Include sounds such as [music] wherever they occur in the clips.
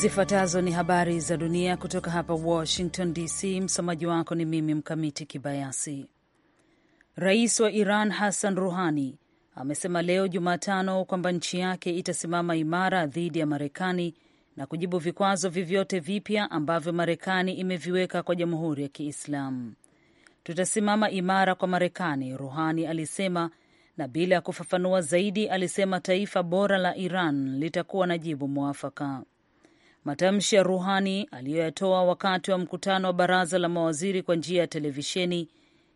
Zifuatazo ni habari za dunia kutoka hapa Washington DC. Msomaji wako ni mimi Mkamiti Kibayasi. Rais wa Iran Hassan Ruhani amesema leo Jumatano kwamba nchi yake itasimama imara dhidi ya Marekani na kujibu vikwazo vyovyote vipya ambavyo Marekani imeviweka kwa Jamhuri ya Kiislamu. Tutasimama imara kwa Marekani, Ruhani alisema, na bila ya kufafanua zaidi alisema taifa bora la Iran litakuwa na jibu mwafaka. Matamshi ya Ruhani aliyoyatoa wakati wa mkutano wa baraza la mawaziri kwa njia ya televisheni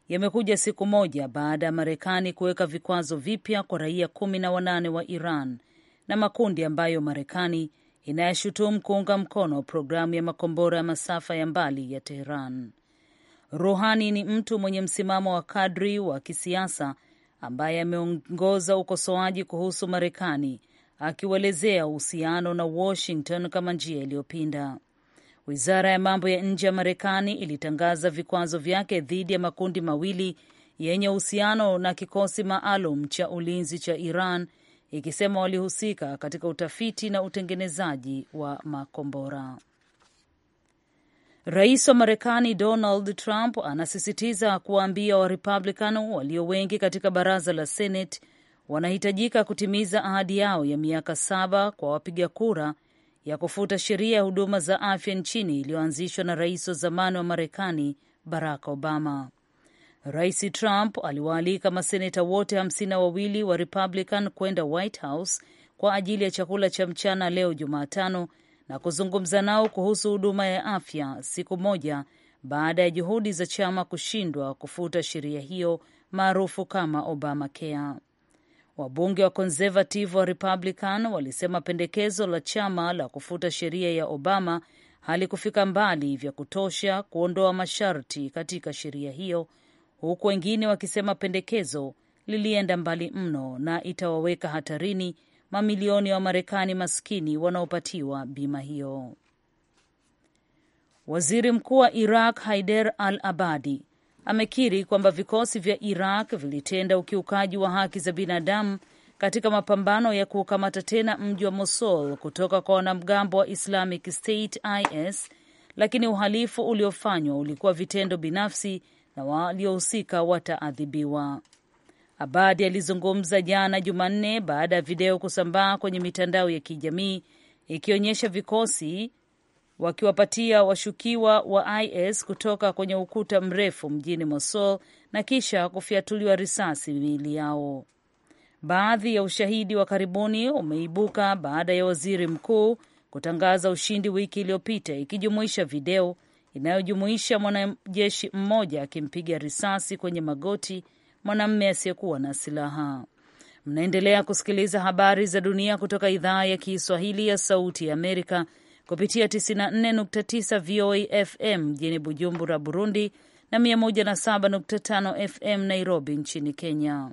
yamekuja siku moja baada ya Marekani kuweka vikwazo vipya kwa raia kumi na wanane wa Iran na makundi ambayo Marekani inayashutumu kuunga mkono programu ya makombora ya masafa ya mbali ya Teheran. Ruhani ni mtu mwenye msimamo wa kadri wa kisiasa ambaye ameongoza ukosoaji kuhusu Marekani akiuelezea uhusiano na Washington kama njia iliyopinda. Wizara ya mambo ya nje ya Marekani ilitangaza vikwazo vyake dhidi ya makundi mawili yenye uhusiano na kikosi maalum cha ulinzi cha Iran, ikisema walihusika katika utafiti na utengenezaji wa makombora. Rais wa Marekani Donald Trump anasisitiza kuwaambia Warepublican walio wengi katika baraza la Senate wanahitajika kutimiza ahadi yao ya miaka saba kwa wapiga kura ya kufuta sheria ya huduma za afya nchini iliyoanzishwa na rais wa zamani wa Marekani Barack Obama. Rais Trump aliwaalika maseneta wote hamsini na wawili wa Republican kwenda White House kwa ajili ya chakula cha mchana leo Jumatano na kuzungumza nao kuhusu huduma ya afya siku moja baada ya juhudi za chama kushindwa kufuta sheria hiyo maarufu kama Obamacare. Wabunge wa Conservative wa Republican walisema pendekezo la chama la kufuta sheria ya Obama halikufika mbali vya kutosha kuondoa masharti katika sheria hiyo, huku wengine wakisema pendekezo lilienda mbali mno na itawaweka hatarini mamilioni ya wa Wamarekani maskini wanaopatiwa bima hiyo. Waziri Mkuu wa Iraq Haider al Abadi amekiri kwamba vikosi vya Iraq vilitenda ukiukaji wa haki za binadamu katika mapambano ya kuukamata tena mji wa Mosul kutoka kwa wanamgambo wa Islamic State IS, lakini uhalifu uliofanywa ulikuwa vitendo binafsi na waliohusika wataadhibiwa. Abadi alizungumza jana Jumanne baada ya video kusambaa kwenye mitandao ya kijamii ikionyesha vikosi wakiwapatia washukiwa wa IS kutoka kwenye ukuta mrefu mjini Mosul na kisha kufyatuliwa risasi miili yao. Baadhi ya ushahidi wa karibuni umeibuka baada ya waziri mkuu kutangaza ushindi wiki iliyopita, ikijumuisha video inayojumuisha mwanajeshi mmoja akimpiga risasi kwenye magoti mwanamume asiyekuwa na silaha. Mnaendelea kusikiliza habari za dunia kutoka idhaa ya Kiswahili ya Sauti ya Amerika kupitia 94.9 VOA FM mjini Bujumbura, Burundi na 107.5 FM Nairobi nchini Kenya.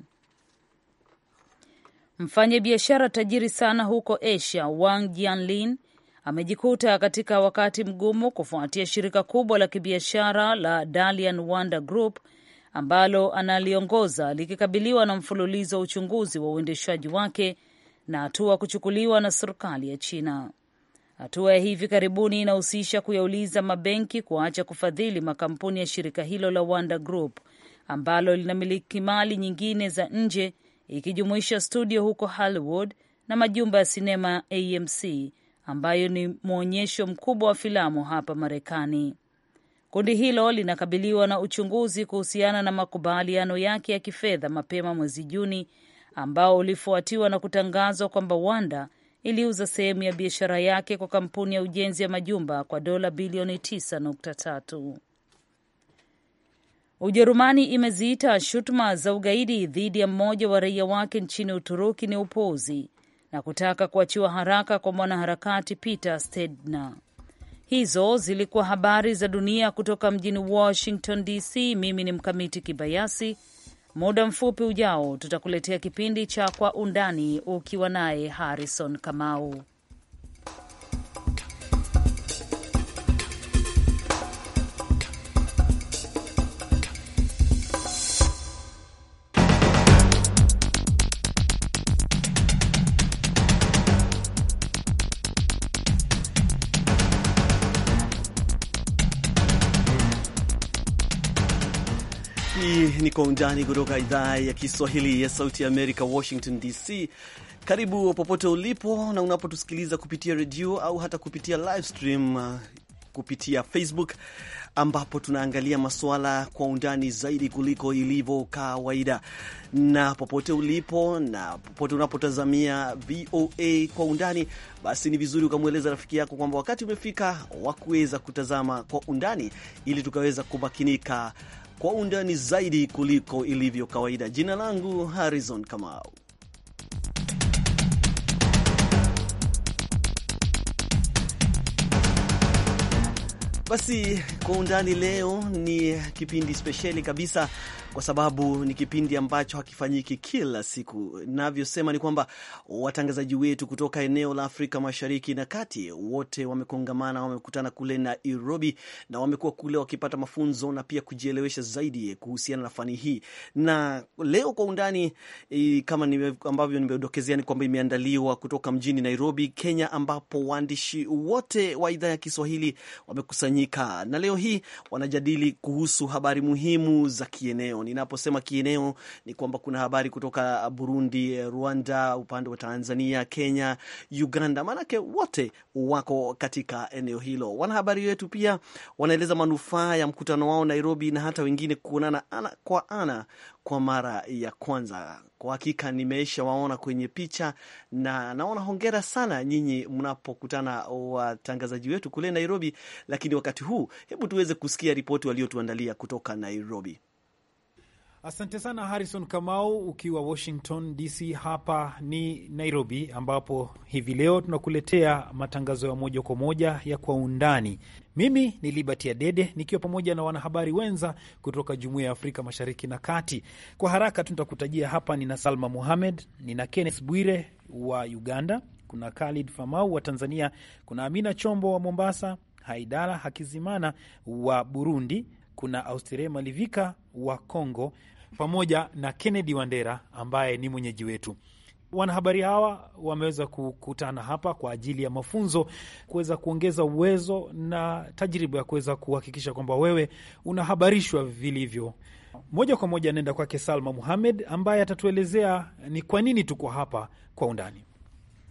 Mfanya biashara tajiri sana huko Asia Wang Jianlin amejikuta katika wakati mgumu kufuatia shirika kubwa la kibiashara la Dalian Wanda Group ambalo analiongoza likikabiliwa na mfululizo wa uchunguzi wa uendeshaji wake na hatua kuchukuliwa na serikali ya China. Hatua ya hivi karibuni inahusisha kuyauliza mabenki kuacha kufadhili makampuni ya shirika hilo la Wanda Group ambalo linamiliki mali nyingine za nje ikijumuisha studio huko Hollywood na majumba ya sinema AMC ambayo ni mwonyesho mkubwa wa filamu hapa Marekani. Kundi hilo linakabiliwa na uchunguzi kuhusiana na makubaliano yake ya kifedha mapema mwezi Juni ambao ulifuatiwa na kutangazwa kwamba Wanda iliuza sehemu ya biashara yake kwa kampuni ya ujenzi ya majumba kwa dola bilioni 9.3. Ujerumani imeziita shutuma za ugaidi dhidi ya mmoja wa raia wake nchini Uturuki ni upuuzi na kutaka kuachiwa haraka kwa mwanaharakati Peter Stedner. Hizo zilikuwa habari za dunia kutoka mjini Washington DC. Mimi ni Mkamiti Kibayasi. Muda mfupi ujao tutakuletea kipindi cha Kwa Undani ukiwa naye Harrison Kamau. ni Kwa Undani kutoka idhaa ya Kiswahili ya Sauti ya Amerika, Washington DC. Karibu popote ulipo na unapotusikiliza kupitia redio au hata kupitia live stream uh, kupitia Facebook ambapo tunaangalia masuala kwa undani zaidi kuliko ilivyo kawaida. Na popote ulipo na popote unapotazamia VOA kwa undani, basi ni vizuri ukamweleza rafiki yako kwamba wakati umefika wa kuweza kutazama kwa undani, ili tukaweza kumakinika kwa undani zaidi kuliko ilivyo kawaida. Jina langu Harrison Kamau. Basi kwa undani leo ni kipindi spesheli kabisa kwa sababu ni kipindi ambacho hakifanyiki kila siku. Navyosema ni kwamba watangazaji wetu kutoka eneo la Afrika Mashariki na Kati wote wamekongamana, wamekutana kule Nairobi na wamekuwa kule wakipata mafunzo na pia kujielewesha zaidi kuhusiana na fani hii. Na leo kwa undani i, kama ni ambavyo nimedokezea ni kwamba imeandaliwa kutoka mjini Nairobi, Kenya, ambapo waandishi wote wa idhaa ya Kiswahili wamekusanyika na leo hii wanajadili kuhusu habari muhimu za kieneo kieneo. Ninaposema kieneo ni kwamba kuna habari kutoka Burundi, Rwanda, upande wa Tanzania, Kenya, Uganda, maanake wote wako katika eneo hilo. Wanahabari wetu pia wanaeleza manufaa ya mkutano wao Nairobi na hata wengine kuonana ana kwa ana kwa mara ya kwanza. Kwa hakika nimeisha waona kwenye picha na naona, hongera sana nyinyi mnapokutana watangazaji wetu kule Nairobi. Lakini wakati huu, hebu tuweze kusikia ripoti waliotuandalia kutoka Nairobi. Asante sana Harrison Kamau ukiwa Washington DC. Hapa ni Nairobi, ambapo hivi leo tunakuletea matangazo ya moja kwa moja ya Kwa Undani. Mimi ni Liberty Adede nikiwa pamoja na wanahabari wenza kutoka Jumuiya ya Afrika Mashariki na Kati. Kwa haraka tutakutajia hapa, nina Salma Muhamed, nina Kenneth Bwire wa Uganda, kuna Khalid Famau wa Tanzania, kuna Amina Chombo wa Mombasa, Haidara Hakizimana wa Burundi, kuna Austire Malivika wa congo pamoja na Kennedy Wandera ambaye ni mwenyeji wetu. Wanahabari hawa wameweza kukutana hapa kwa ajili ya mafunzo, kuweza kuongeza uwezo na tajriba ya kuweza kuhakikisha kwamba wewe unahabarishwa vilivyo. Moja kwa moja anaenda kwake Salma Muhamed ambaye atatuelezea ni kwa nini tuko hapa kwa undani.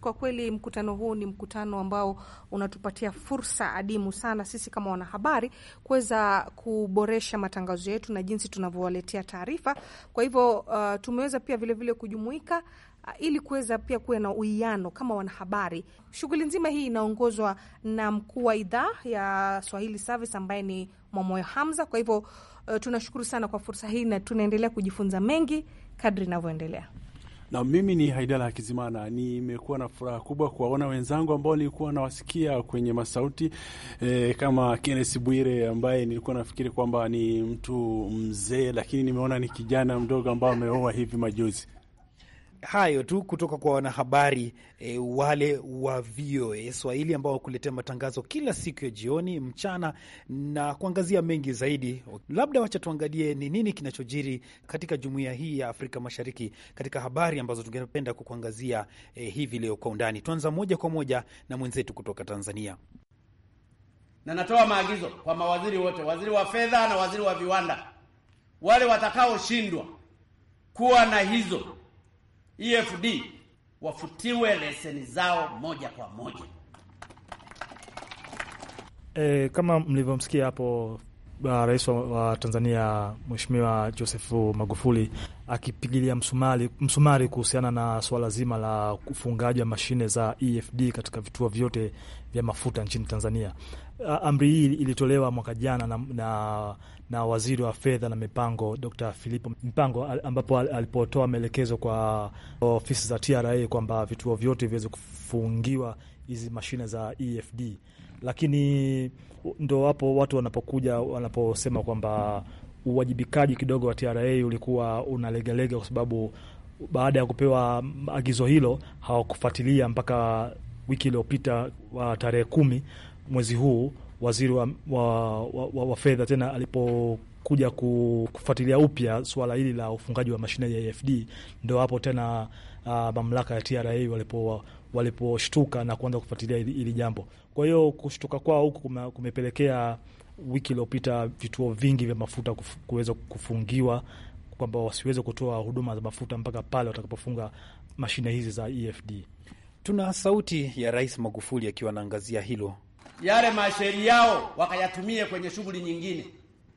Kwa kweli mkutano huu ni mkutano ambao unatupatia fursa adimu sana sisi kama wanahabari kuweza kuboresha matangazo yetu na jinsi tunavyowaletea taarifa. Kwa hivyo uh, tumeweza pia vilevile kujumuika uh, ili kuweza pia kuwe na uwiano kama wanahabari. Shughuli nzima hii inaongozwa na mkuu wa idhaa ya Swahili Service ambaye ni Mwamoyo Hamza. Kwa hivyo uh, tunashukuru sana kwa fursa hii na tunaendelea kujifunza mengi kadri inavyoendelea. Na mimi ni Haidala Hakizimana. Nimekuwa na furaha kubwa kuwaona wenzangu ambao nilikuwa nawasikia kwenye masauti e, kama kenes Bwire ambaye nilikuwa nafikiri kwamba ni mtu mzee, lakini nimeona ni kijana mdogo ambao ameoa hivi majuzi. Hayo tu kutoka kwa wanahabari e, wale wa VOA Swahili ambao wakuletea matangazo kila siku ya jioni, mchana na kuangazia mengi zaidi. Labda wacha tuangalie ni nini kinachojiri katika jumuiya hii ya Afrika Mashariki katika habari ambazo tungependa kukuangazia e, hivi leo kwa undani. Tuanza moja kwa moja na mwenzetu kutoka Tanzania, na natoa maagizo kwa mawaziri wote, waziri wa fedha na waziri wa viwanda, wale watakaoshindwa kuwa na hizo EFD wafutiwe leseni zao moja kwa moja. E, kama mlivyomsikia hapo Uh, rais wa Tanzania Mheshimiwa Joseph Magufuli akipigilia msumari, msumari kuhusiana na swala zima la ufungaji wa mashine za EFD katika vituo vyote vya mafuta nchini Tanzania. Uh, amri hii ilitolewa mwaka jana na, na, na waziri wa fedha na mipango Dr. Filipo Mpango ambapo alipotoa maelekezo kwa ofisi za TRA kwamba vituo vyote viweze kufungiwa hizi mashine za EFD lakini ndo hapo watu wanapokuja wanaposema kwamba uwajibikaji kidogo wa TRA ulikuwa unalegelege kwa sababu baada ya kupewa agizo hilo hawakufuatilia mpaka wiki iliyopita tarehe kumi mwezi huu waziri wa, wa, wa, wa fedha tena alipokuja kufuatilia upya suala hili la ufungaji wa mashine ya AFD, ndo hapo tena uh, mamlaka ya TRA waliposhtuka walipo na kuanza kufuatilia hili jambo. Kwa hiyo kushtuka kwao huku kumepelekea wiki iliyopita vituo vingi vya mafuta kuweza kufungiwa kwamba wasiweze kutoa huduma za mafuta mpaka pale watakapofunga mashine hizi za EFD. Tuna sauti ya Rais Magufuli akiwa anaangazia hilo. Yale masheri yao wakayatumie kwenye shughuli nyingine,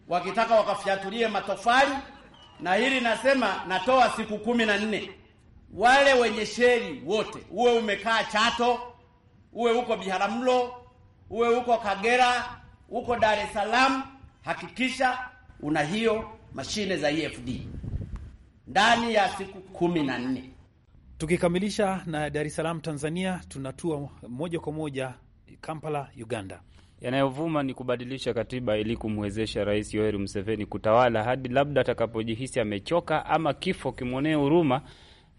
wakitaka wakafyatulie matofali. Na hili nasema, natoa siku kumi na nne wale wenye sheri wote, uwe umekaa Chato uwe huko Biharamulo, uwe uko Kagera, huko Dar es Salaam, hakikisha una hiyo mashine za EFD ndani ya siku kumi na nne. Tukikamilisha na Dar es Salaam Tanzania, tunatua moja kwa moja Kampala Uganda. Yanayovuma ni kubadilisha katiba ili kumwezesha Rais Yoweri Museveni kutawala hadi labda atakapojihisi amechoka ama kifo kimwonee huruma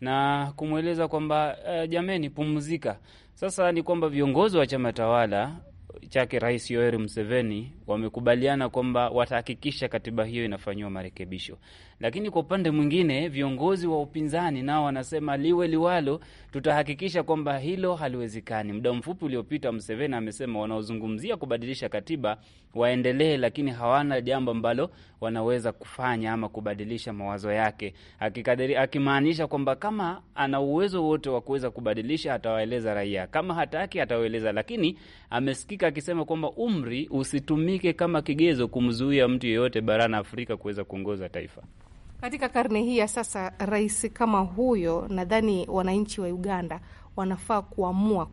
na kumweleza kwamba uh, jameni, pumzika. Sasa ni kwamba viongozi wa chama tawala chake Rais Yoweri Museveni wamekubaliana kwamba watahakikisha katiba hiyo inafanyiwa marekebisho. Lakini kwa upande mwingine, viongozi wa upinzani nao wanasema liwe liwalo, tutahakikisha kwamba hilo haliwezekani. Muda mfupi uliopita, Mseveni amesema wanaozungumzia kubadilisha katiba waendelee, lakini hawana jambo ambalo wanaweza kufanya ama kubadilisha mawazo yake, akimaanisha kwamba kama ana uwezo wote wa kuweza kubadilisha atawaeleza raia, kama hataki atawaeleza. Lakini amesikika akisema kwamba umri usitumike kama kigezo kumzuia mtu yeyote barani Afrika kuweza kuongoza taifa. Katika karne hii ya sasa, rais kama huyo, nadhani wananchi wa Uganda wanafaa kuamua.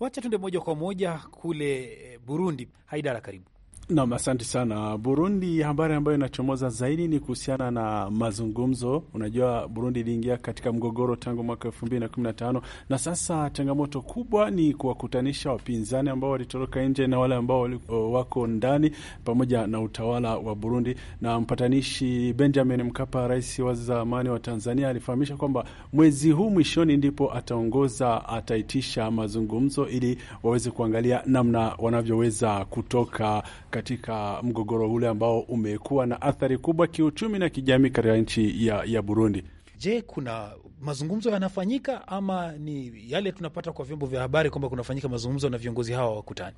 Wacha tuende moja kwa moja kule eh, Burundi. Haidara, karibu. Nam, asante sana. Burundi, habari ambayo inachomoza zaidi ni kuhusiana na mazungumzo. Unajua, Burundi iliingia katika mgogoro tangu mwaka elfu mbili na kumi na tano na sasa changamoto kubwa ni kuwakutanisha wapinzani ambao walitoroka nje na wale ambao wako ndani, pamoja na utawala wa Burundi. Na mpatanishi Benjamin Mkapa, rais wa zamani wa Tanzania, alifahamisha kwamba mwezi huu mwishoni ndipo ataongoza, ataitisha mazungumzo ili waweze kuangalia namna wanavyoweza kutoka katika mgogoro ule ambao umekuwa na athari kubwa kiuchumi na kijamii katika nchi ya, ya Burundi. Je, kuna mazungumzo yanafanyika ama ni yale tunapata kwa vyombo vya habari kwamba kunafanyika mazungumzo na viongozi hawa wakutani?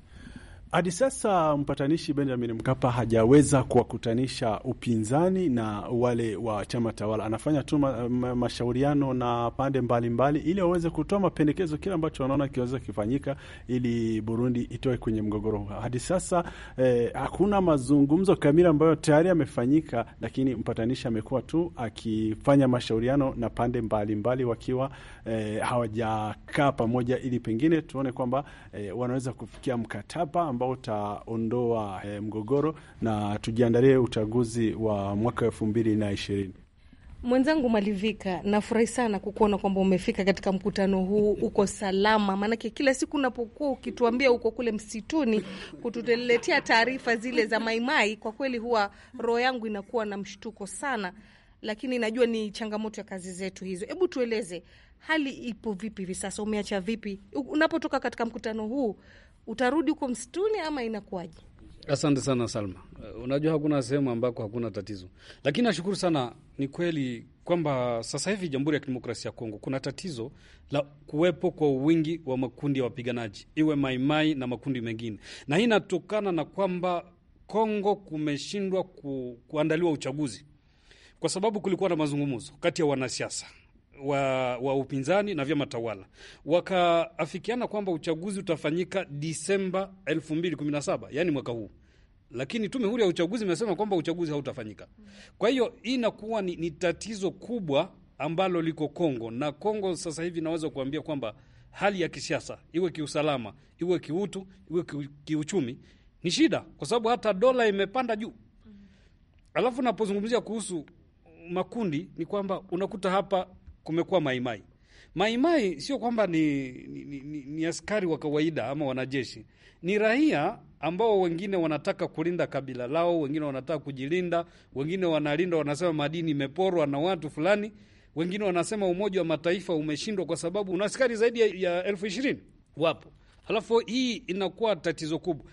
Hadi sasa mpatanishi Benjamin Mkapa hajaweza kuwakutanisha upinzani na wale wa chama tawala. Anafanya tu ma ma mashauriano na pande mbalimbali ili waweze kutoa mapendekezo kile ambacho wanaona kiweza kifanyika ili Burundi itoe kwenye mgogoro huu. Hadi sasa eh, hakuna mazungumzo kamili ambayo tayari yamefanyika, lakini mpatanishi amekuwa tu akifanya mashauriano na pande mbalimbali mbali wakiwa eh, hawajakaa pamoja ili pengine tuone kwamba eh, wanaweza kufikia mkataba ambao utaondoa eh, mgogoro na tujiandalie uchaguzi wa mwaka elfu mbili na ishirini. Mwenzangu Malivika, nafurahi sana kukuona kwamba umefika katika mkutano huu, uko salama. Maanake kila siku unapokuwa ukituambia uko kule msituni kututeletea taarifa zile za maimai, kwa kweli huwa roho yangu inakuwa na mshtuko sana, lakini najua ni changamoto ya kazi zetu hizo. Hebu tueleze hali ipo vipi hivi sasa? Umeacha vipi? Unapotoka katika mkutano huu, utarudi huko msituni ama inakuwaje? Asante sana Salma. Uh, unajua hakuna sehemu ambako hakuna tatizo, lakini nashukuru sana. Ni kweli kwamba sasa hivi Jamhuri ya Kidemokrasia ya Kongo kuna tatizo la kuwepo kwa wingi wa makundi ya wapiganaji, iwe maimai mai na makundi mengine, na hii inatokana na kwamba Kongo kumeshindwa ku, kuandaliwa uchaguzi, kwa sababu kulikuwa na mazungumzo kati ya wanasiasa wa, wa upinzani na vyama tawala wakaafikiana kwamba uchaguzi utafanyika Disemba 2017 yani mwaka huu, lakini tume huru ya uchaguzi imesema kwamba uchaguzi hautafanyika. Kwa hiyo hii inakuwa ni, ni tatizo kubwa ambalo liko Kongo na Kongo sasa hivi naweza kuambia kwamba hali ya kisiasa iwe kiusalama, iwe kiutu, iwe kiuchumi ni shida, kwa sababu hata dola imepanda juu. Alafu napozungumzia kuhusu makundi ni kwamba unakuta hapa kumekuwa maimai maimai. Sio kwamba ni, ni, ni, ni askari wa kawaida ama wanajeshi, ni raia ambao wengine wanataka kulinda kabila lao, wengine wanataka kujilinda, wengine wanalinda, wanasema madini imeporwa na watu fulani, wengine wanasema Umoja wa Mataifa umeshindwa kwa sababu una askari zaidi ya elfu ishirini wapo. Halafu hii inakuwa tatizo kubwa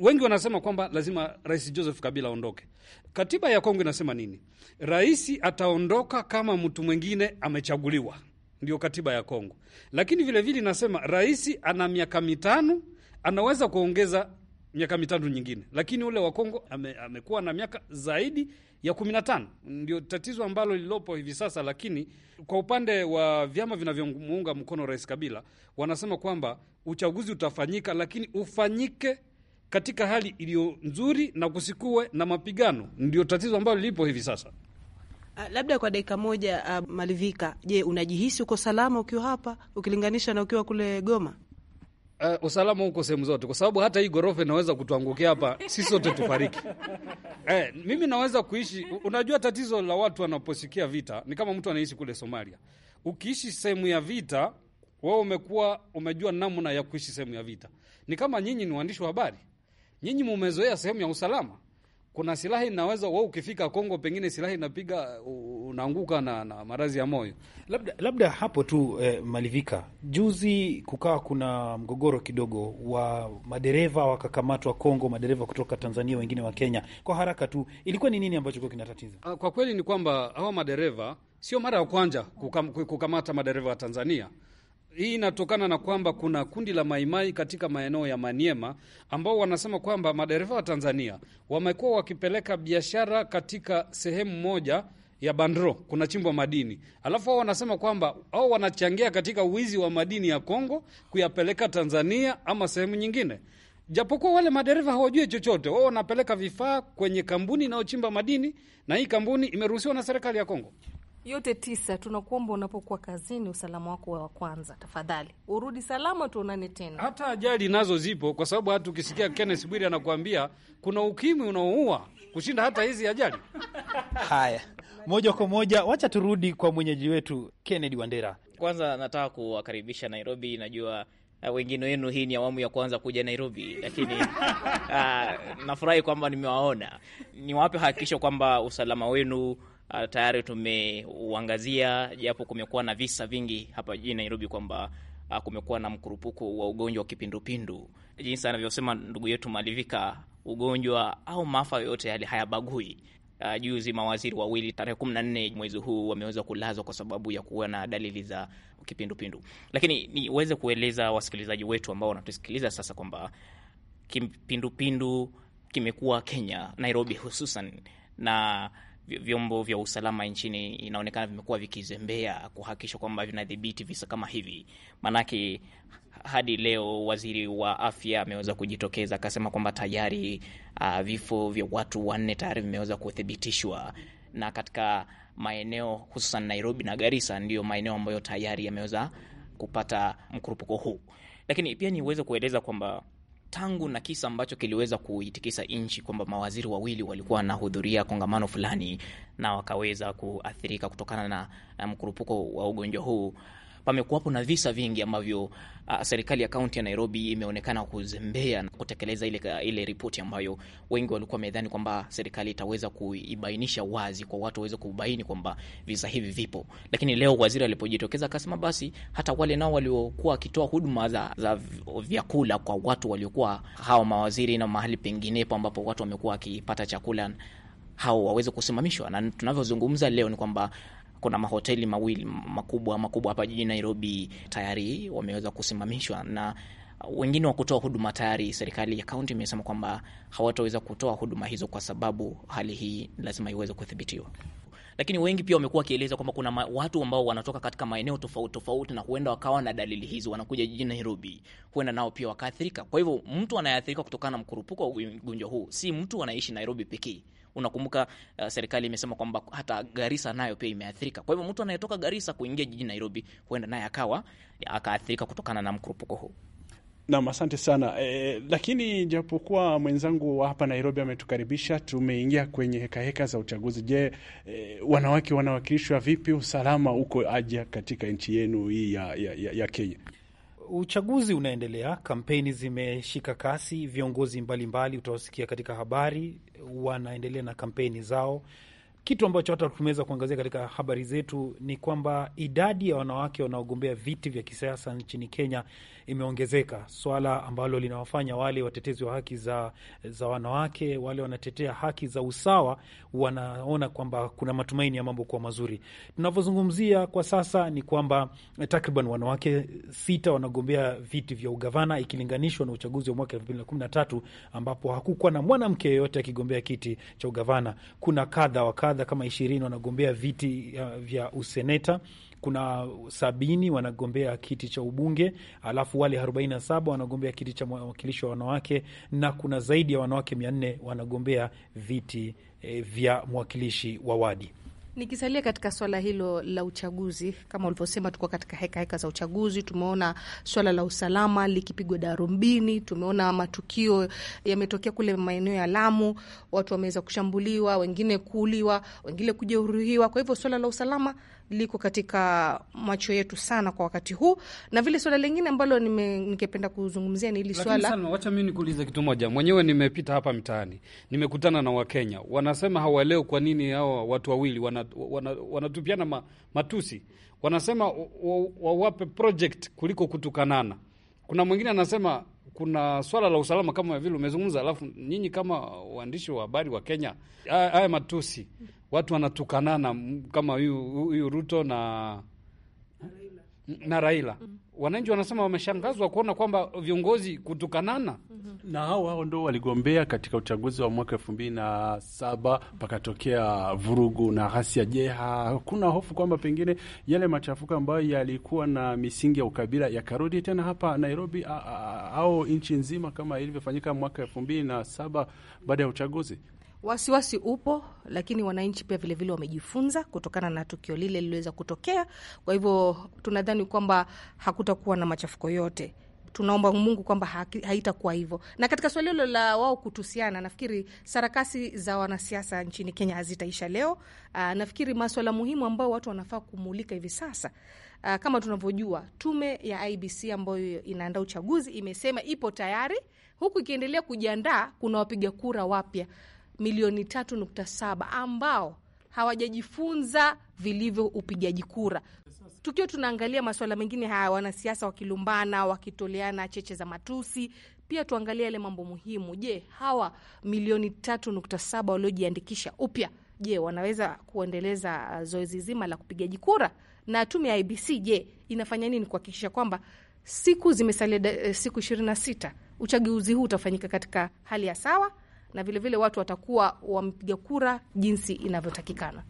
wengi wanasema kwamba lazima Rais Joseph Kabila aondoke. Katiba ya Kongo inasema nini? Rais ataondoka kama mtu mwingine amechaguliwa, ndio katiba ya Kongo. Lakini vilevile inasema rais ana miaka mitano, anaweza kuongeza miaka mitano nyingine, lakini ule wa Kongo ame, amekuwa na miaka zaidi ya kumi na tano. Ndio tatizo ambalo lililopo hivi sasa. Lakini kwa upande wa vyama vinavyomuunga mkono Rais Kabila wanasema kwamba uchaguzi utafanyika, lakini ufanyike katika hali iliyo nzuri na kusikuwe na mapigano. Ndio tatizo ambalo lipo hivi sasa. Ah, labda kwa dakika moja, uh, Malivika, je, unajihisi uko salama ukiwa hapa ukilinganisha na ukiwa kule Goma? Uh, usalama huko sehemu zote, kwa sababu hata hii ghorofa inaweza kutuangukia hapa sisi sote tufariki. [laughs] Eh, mimi naweza kuishi. Unajua, tatizo la watu wanaposikia vita ni kama mtu anaishi kule Somalia. Ukiishi sehemu ya vita, wewe umekuwa umejua namna ya kuishi sehemu ya vita. Ni kama nyinyi ni waandishi wa habari Nyinyi mumezoea sehemu ya usalama, kuna silaha inaweza wa ukifika Kongo, pengine silaha inapiga unaanguka na, na maradhi ya moyo. Labda labda hapo tu eh, malivika juzi kukawa kuna mgogoro kidogo wa madereva wakakamatwa Kongo, madereva kutoka Tanzania, wengine wa Kenya. Kwa haraka tu, ilikuwa ni nini ambacho kua kinatatiza? Ah, kwa kweli ni kwamba hawa madereva sio mara ya kwanza kukamata madereva wa Tanzania hii inatokana na kwamba kuna kundi la maimai katika maeneo ya Maniema ambao wanasema kwamba madereva wa Tanzania wamekuwa wakipeleka biashara katika sehemu moja ya bandro kuna chimbwa madini, alafu hao wanasema kwamba au wanachangia katika uwizi wa madini ya Kongo kuyapeleka Tanzania ama sehemu nyingine, japokuwa wale madereva hawajui chochote. Wao wanapeleka vifaa kwenye kampuni inayochimba madini, na hii kampuni imeruhusiwa na serikali ya Kongo yote tisa, tunakuomba unapokuwa kazini, usalama wako wa kwanza tafadhali, urudi salama, tuonane tena. Hata ajali nazo zipo, kwa sababu hata ukisikia Kenneth Bwiri anakuambia kuna ukimwi unaoua kushinda hata hizi ajali. Haya, moja kwa moja, wacha turudi kwa mwenyeji wetu Kennedy Wandera. Kwanza nataka kuwakaribisha Nairobi, najua uh, wengine wenu hii ni awamu ya kwanza kuja Nairobi, lakini [laughs] uh, nafurahi kwamba nimewaona. Niwape hakikisho kwamba usalama wenu Ah, tayari tumeuangazia, japo kumekuwa na visa vingi hapa jijini Nairobi kwamba ah, kumekuwa na mkurupuko wa ugonjwa wa kipindupindu. Jinsi anavyosema ndugu yetu Malivika, ugonjwa au maafa yoyote yale hayabagui. Uh, juzi mawaziri wawili tarehe kumi na nne mwezi huu wameweza kulazwa kwa sababu ya kuwa na dalili za kipindupindu. Lakini niweze kueleza wasikilizaji wetu ambao wanatusikiliza sasa kwamba kipindupindu kimekuwa Kenya, Nairobi hususan na vyombo vya usalama nchini inaonekana vimekuwa vikizembea kuhakikisha kwamba vinadhibiti visa kama hivi. Maanake hadi leo waziri wa afya ameweza kujitokeza akasema kwamba tayari uh, vifo vya watu wanne tayari vimeweza kuthibitishwa na katika maeneo hususan Nairobi na Garissa ndiyo maeneo ambayo tayari yameweza kupata mkurupuko huu, lakini pia niweze kueleza kwamba tangu na kisa ambacho kiliweza kuitikisa nchi kwamba mawaziri wawili walikuwa wanahudhuria kongamano fulani na wakaweza kuathirika kutokana na mkurupuko wa ugonjwa huu pamekuwapo na visa vingi ambavyo uh, serikali ya kaunti ya Nairobi imeonekana kuzembea na kutekeleza ile, ile ripoti ambayo wengi walikuwa wamedhani kwamba serikali itaweza kuibainisha wazi kwa watu waweze kubaini kwamba visa hivi vipo, lakini leo waziri alipojitokeza akasema basi hata wale nao waliokuwa wakitoa huduma za, za vyakula kwa watu waliokuwa hawa mawaziri na mahali penginepo ambapo watu wamekuwa wakipata chakula hao waweze kusimamishwa, na tunavyozungumza leo ni kwamba kuna mahoteli mawili makubwa makubwa hapa jijini Nairobi tayari wameweza kusimamishwa na wengine wa kutoa huduma tayari serikali ya kaunti imesema kwamba hawataweza kutoa huduma hizo kwa sababu hali hii lazima iweze kuthibitiwa. Lakini wengi pia wamekuwa wakieleza kwamba kuna watu ambao wanatoka katika maeneo tofauti tofauti na huenda wakawa na dalili hizi, wanakuja jijini Nairobi, huenda nao pia wakaathirika. Kwa hivyo mtu anayeathirika kutokana na mkurupuko wa ugonjwa huu si mtu anayeishi Nairobi pekee. Unakumbuka uh, serikali imesema kwamba hata Garissa nayo pia imeathirika. Kwa hivyo mtu anayetoka Garissa kuingia jijini Nairobi huenda naye akawa akaathirika kutokana na mkurupuko huu. Nam, asante sana e, lakini japokuwa mwenzangu wa hapa Nairobi ametukaribisha, tumeingia kwenye hekaheka heka za uchaguzi. Je, e, wanawake wanawakilishwa vipi? Usalama uko aja katika nchi yenu hii ya, ya, ya Kenya? uchaguzi unaendelea, kampeni zimeshika kasi, viongozi mbalimbali utawasikia katika habari, wanaendelea na kampeni zao kitu ambacho hata tumeweza kuangazia katika habari zetu ni kwamba idadi ya wanawake wanaogombea viti vya kisiasa nchini Kenya imeongezeka, swala ambalo linawafanya wale watetezi wa haki za, za wanawake wale wanatetea haki za usawa wanaona kwamba kuna matumaini ya mambo kuwa mazuri. Tunavyozungumzia kwa sasa ni kwamba takriban wanawake sita wanagombea viti vya ugavana ikilinganishwa na uchaguzi wa mwaka elfu mbili na kumi na tatu ambapo hakukuwa na mwanamke yeyote akigombea kiti cha ugavana. Kuna kadha wa kadha kwanza kama ishirini wanagombea viti uh, vya useneta kuna sabini wanagombea kiti cha ubunge, alafu wale arobaini na saba wanagombea kiti cha mwakilishi wa wanawake, na kuna zaidi ya wanawake mia nne wanagombea viti e, vya mwakilishi wa wadi. Nikisalia katika swala hilo la uchaguzi, kama ulivyosema, tuko katika heka heka za uchaguzi. Tumeona swala la usalama likipigwa darumbini, tumeona matukio yametokea kule maeneo ya Lamu, watu wameweza kushambuliwa, wengine kuuliwa, wengine kujeruhiwa. Kwa hivyo swala la usalama liko katika macho yetu sana kwa wakati huu, na vile swala lingine ambalo ningependa kuzungumzia ni hili swala. Wacha mimi nikuulize kitu moja. Mwenyewe nimepita hapa mtaani, nimekutana na Wakenya wanasema hawaelewi kwa nini hawa watu wawili wanatupiana wana, wana ma, matusi. Wanasema wawape project kuliko kutukanana. Kuna mwingine anasema kuna swala la usalama kama vile umezungumza, alafu nyinyi kama waandishi wa habari wa Kenya, haya matusi watu wanatukanana kama huyu Ruto na na Raila mm -hmm. Wananchi wanasema wameshangazwa kuona kwamba viongozi kutukanana mm -hmm. na hao hao ndo waligombea katika uchaguzi wa mwaka elfu mbili na saba pakatokea vurugu na ghasia. Je, hakuna hofu kwamba pengine yale machafuko ambayo yalikuwa na misingi ya ukabila yakarudi tena hapa Nairobi au nchi nzima kama ilivyofanyika mwaka elfu mbili na saba baada ya uchaguzi? Wasiwasi upo, lakini wananchi pia vilevile vile wamejifunza kutokana na tukio lile liliweza kutokea. Kwa hivyo tunadhani kwamba hakutakuwa na machafuko yote. Tunaomba Mungu kwamba haitakuwa hivyo. Na katika swali hilo la wao kutusiana, nafikiri sarakasi za wanasiasa nchini Kenya hazitaisha leo. Aa, ah, nafikiri maswala muhimu ambayo watu wanafaa kumulika hivi sasa aa, ah, kama tunavyojua tume ya IBC ambayo inaandaa uchaguzi imesema ipo tayari, huku ikiendelea kujiandaa. Kuna wapiga kura wapya milioni tatu nukta saba ambao hawajajifunza vilivyo upigaji kura. Tukiwa tunaangalia masuala mengine haya, wanasiasa wakilumbana, wakitoleana cheche za matusi, pia tuangalie yale mambo muhimu. Je, hawa milioni tatu nukta saba waliojiandikisha upya, je, wanaweza kuendeleza uh, zoezi zima la kupigaji kura? Na tume ya IBC, je, inafanya nini kuhakikisha kwamba siku zimesalia eh, siku ishirini na sita uchaguzi huu utafanyika katika hali ya sawa na vilevile vile watu watakuwa wampiga kura jinsi inavyotakikana.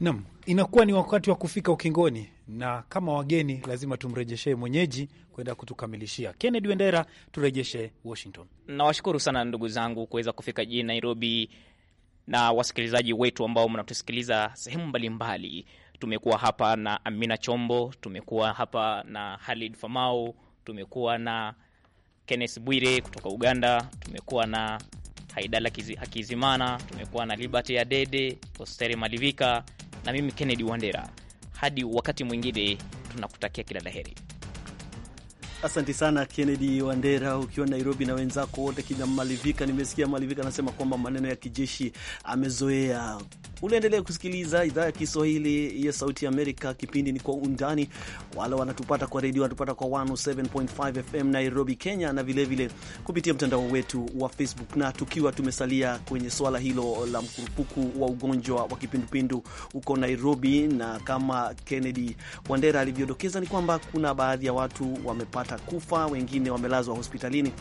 Naam, inakuwa ni wakati wa kufika ukingoni, na kama wageni lazima tumrejeshee mwenyeji kwenda kutukamilishia. Kennedy Wendera, turejeshe Washington. Nawashukuru sana ndugu zangu kuweza kufika jijini Nairobi na wasikilizaji wetu ambao mnatusikiliza sehemu mbalimbali. Tumekuwa hapa na Amina Chombo, tumekuwa hapa na Halid Famau, tumekuwa na Kenneth Bwire kutoka Uganda, tumekuwa na Haidala Hakizimana, tumekuwa na Liberty ya Dede, Osteri Malivika na mimi Kennedy Wandera. Hadi wakati mwingine, tunakutakia kila laheri asanti Asante sana Kennedy Wandera, ukiwa Nairobi na wenzako wote. Kina Malivika, nimesikia Malivika anasema kwamba maneno ya kijeshi amezoea Unaendelea kusikiliza idhaa ya Kiswahili ya Sauti ya Amerika. Kipindi ni Kwa Undani. Wale wanatupata kwa redio wanatupata kwa 107.5 FM Nairobi, Kenya, na vilevile vile kupitia mtandao wetu wa Facebook. Na tukiwa tumesalia kwenye swala hilo la mkurupuku wa ugonjwa wa kipindupindu huko Nairobi, na kama Kennedy Wandera alivyodokeza, ni kwamba kuna baadhi ya watu wamepata kufa, wengine wamelazwa hospitalini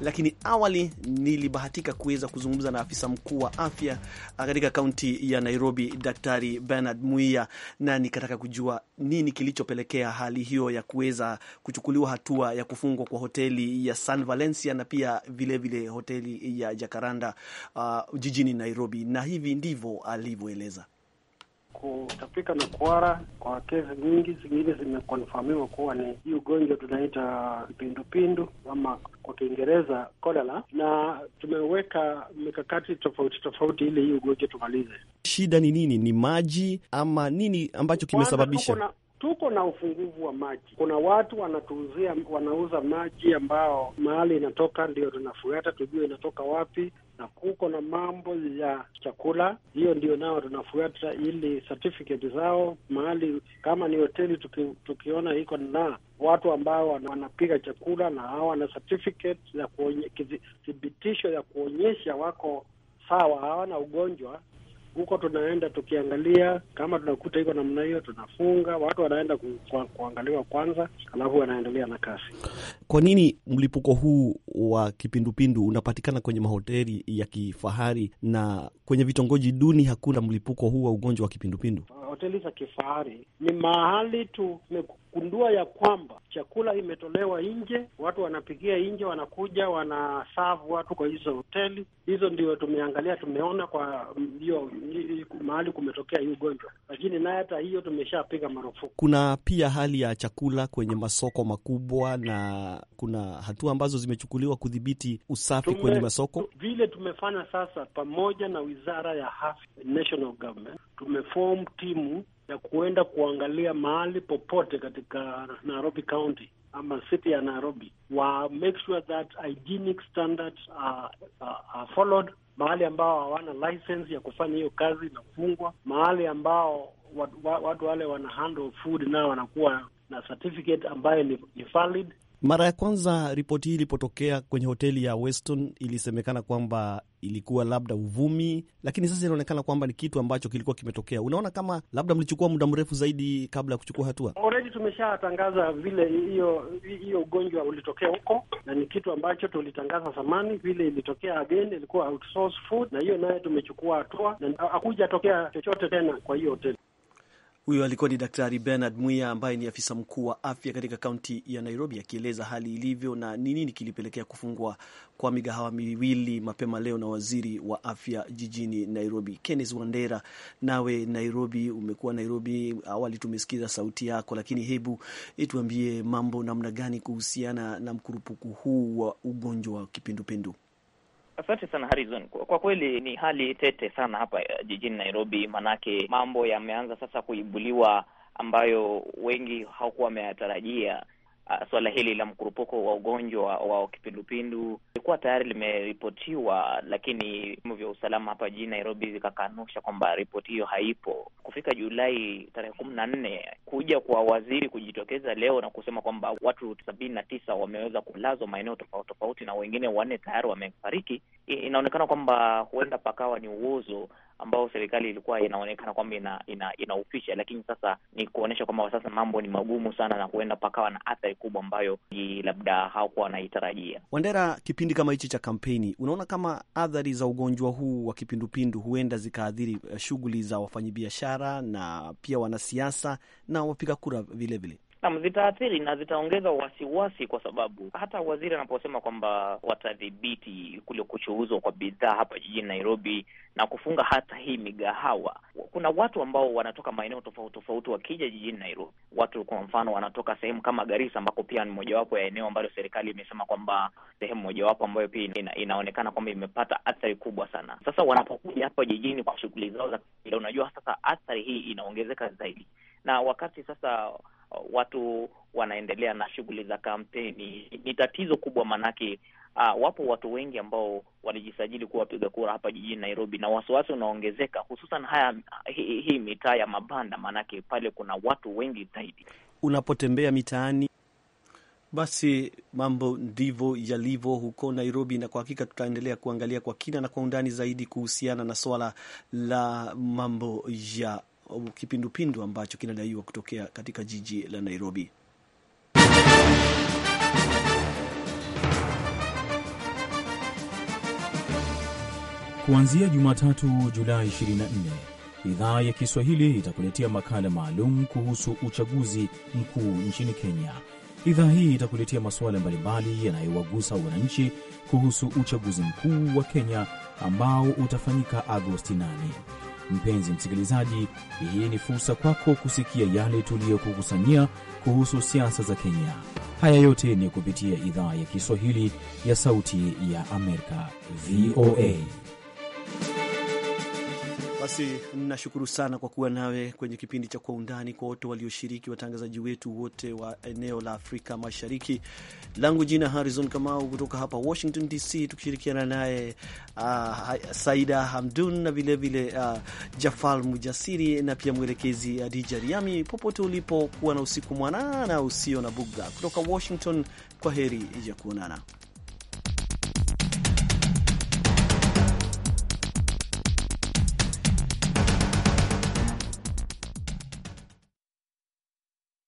lakini awali nilibahatika kuweza kuzungumza na afisa mkuu wa afya katika kaunti ya Nairobi, Daktari Bernard Muia, na nikataka kujua nini kilichopelekea hali hiyo ya kuweza kuchukuliwa hatua ya kufungwa kwa hoteli ya San Valencia na pia vilevile vile hoteli ya jakaranda uh, jijini Nairobi, na hivi ndivyo alivyoeleza kutapika na kuara kwa kesi nyingi, zingine zimekonfamiwa kuwa ni hii ugonjwa tunaita kipindupindu ama kwa Kiingereza kolera, na tumeweka mikakati tofauti tofauti ili hii ugonjwa tumalize. Shida ni nini? Ni maji ama nini ambacho kimesababisha? Tuko na ufunguvu wa maji. Kuna watu wanatuuzia, wanauza maji ambao mahali inatoka ndio tunafuata tujue inatoka wapi, na kuko na mambo ya chakula, hiyo ndio nao tunafuata ili certificate zao mahali kama ni hoteli tuki, tukiona iko na watu ambao wanapiga chakula na hawa na certificate ya thibitisho ya kuonyesha wako sawa, hawana ugonjwa huko tunaenda tukiangalia, kama tunakuta iko namna hiyo tunafunga, watu wanaenda ku, kuangaliwa kwanza, alafu wanaendelea na kasi Kwa nini mlipuko huu wa kipindupindu unapatikana kwenye mahoteli ya kifahari na kwenye vitongoji duni hakuna mlipuko huu wa ugonjwa wa kipindupindu? hoteli za kifahari ni mahali tumegundua ya kwamba chakula imetolewa nje, watu wanapikia nje, wanakuja wanasavu watu kwa hizo hoteli hizo. Ndio tumeangalia tumeona kwa hiyo mahali kumetokea hii ugonjwa, lakini naye hata hiyo tumeshapiga marufuku. Kuna pia hali ya chakula kwenye masoko makubwa, na kuna hatua ambazo zimechukuliwa kudhibiti usafi tume, kwenye masoko vile tumefanya sasa pamoja na wizara ya afya, national government tumeform timu ya kuenda kuangalia mahali popote katika Nairobi County ama city ya Nairobi, wa make sure that hygienic standards are, are, are followed. Mahali ambao hawana license ya kufanya hiyo kazi inafungwa. Mahali ambao watu, watu wale wana handle food nao wanakuwa na certificate ambayo ni, ni valid. Mara ya kwanza ripoti hii ilipotokea kwenye hoteli ya Weston ilisemekana kwamba ilikuwa labda uvumi, lakini sasa inaonekana kwamba ni kitu ambacho kilikuwa kimetokea. Unaona kama labda mlichukua muda mrefu zaidi kabla ya kuchukua hatua? Oredi tumeshatangaza vile hiyo hiyo ugonjwa ulitokea huko, na ni kitu ambacho tulitangaza zamani vile ilitokea. Again ilikuwa food, na hiyo naye tumechukua hatua na hakujatokea chochote tena kwa hiyo hoteli. Huyo alikuwa ni Daktari Bernard Mwia ambaye ni afisa mkuu wa afya katika kaunti ya Nairobi akieleza hali ilivyo na ni nini kilipelekea kufungwa kwa migahawa miwili mapema leo na waziri wa afya jijini Nairobi. Kenneth Wandera, nawe Nairobi, umekuwa Nairobi, awali tumesikiza sauti yako, lakini hebu eh, tuambie mambo namna gani kuhusiana na mkurupuku huu wa ugonjwa wa kipindupindu? Asante sana Harrison. Kwa kweli ni hali tete sana hapa eh, jijini Nairobi, manake mambo yameanza sasa kuibuliwa ambayo wengi hawakuwa wameyatarajia uh, ah, suala hili la mkurupuko wa ugonjwa wa kipindupindu ilikuwa tayari limeripotiwa, lakini vyombo vya usalama hapa jijini Nairobi vikakanusha kwamba ripoti hiyo haipo. Kufika Julai tarehe kumi na nne kuja kwa waziri kujitokeza leo na kusema kwamba watu sabini na tisa wameweza kulazwa maeneo tofauti tofauti na wengine wanne tayari wamefariki, inaonekana kwamba huenda pakawa ni uozo ambao serikali ilikuwa inaonekana kwamba ina, ina, inaufisha, lakini sasa ni kuonyesha kwamba sasa mambo ni magumu sana na huenda pakawa na athari kubwa ambayo labda hawakuwa wanaitarajia. Wandera, kipindi kama hichi cha kampeni, unaona kama athari za ugonjwa huu wa kipindupindu huenda zikaathiri eh, shughuli za wafanyabiashara na pia wanasiasa na wapiga kura vilevile? Naam, zitaathiri na zitaongeza wasiwasi, kwa sababu hata waziri anaposema kwamba watadhibiti kule kuchuuzwa kwa bidhaa hapa jijini Nairobi na kufunga hata hii migahawa, kuna watu ambao wanatoka maeneo tofauti tofauti wakija jijini Nairobi. Watu kwa mfano wanatoka sehemu kama Garissa, ambako pia ni mojawapo ya eneo ambalo serikali imesema kwamba sehemu mojawapo ambayo pia ina, inaonekana kwamba imepata athari kubwa sana. Sasa wanapokuja hapa jijini kwa shughuli zao za kawaida, unajua sasa athari hii inaongezeka zaidi, na wakati sasa Uh, watu wanaendelea na shughuli za kampeni. Ni tatizo kubwa maanake Uh, wapo watu wengi ambao walijisajili kuwa wapiga kura hapa jijini Nairobi, na wasiwasi unaongezeka hususan haya hii hi, mitaa ya mabanda, maanake pale kuna watu wengi zaidi unapotembea mitaani. Basi mambo ndivyo yalivyo huko Nairobi, na kwa hakika tutaendelea kuangalia kwa kina na kwa undani zaidi kuhusiana na swala la mambo ya kipindupindu ambacho kinadaiwa kutokea katika jiji la Nairobi. Kuanzia Jumatatu Julai 24 idhaa ya Kiswahili itakuletea makala maalum kuhusu uchaguzi mkuu nchini Kenya. Idhaa hii itakuletea masuala mbalimbali yanayowagusa wananchi kuhusu uchaguzi mkuu wa Kenya ambao utafanyika Agosti 8. Mpenzi msikilizaji, hii ni fursa kwako kusikia yale tuliyokukusanyia kuhusu siasa za Kenya. Haya yote ni kupitia idhaa ya Kiswahili ya Sauti ya Amerika, VOA. Basi nashukuru sana kwa kuwa nawe kwenye kipindi cha Kwa Undani, kwa wote walioshiriki, watangazaji wetu wote wa eneo la Afrika Mashariki. Langu jina Harrison Kamau kutoka hapa Washington DC, tukishirikiana naye uh, Saida Hamdun na vilevile uh, ah, Jafal Mujasiri na pia mwelekezi Adija Riami. Popote ulipo, kuwa na usiku mwanana usio na bugdha. Kutoka Washington, kwa heri ya kuonana.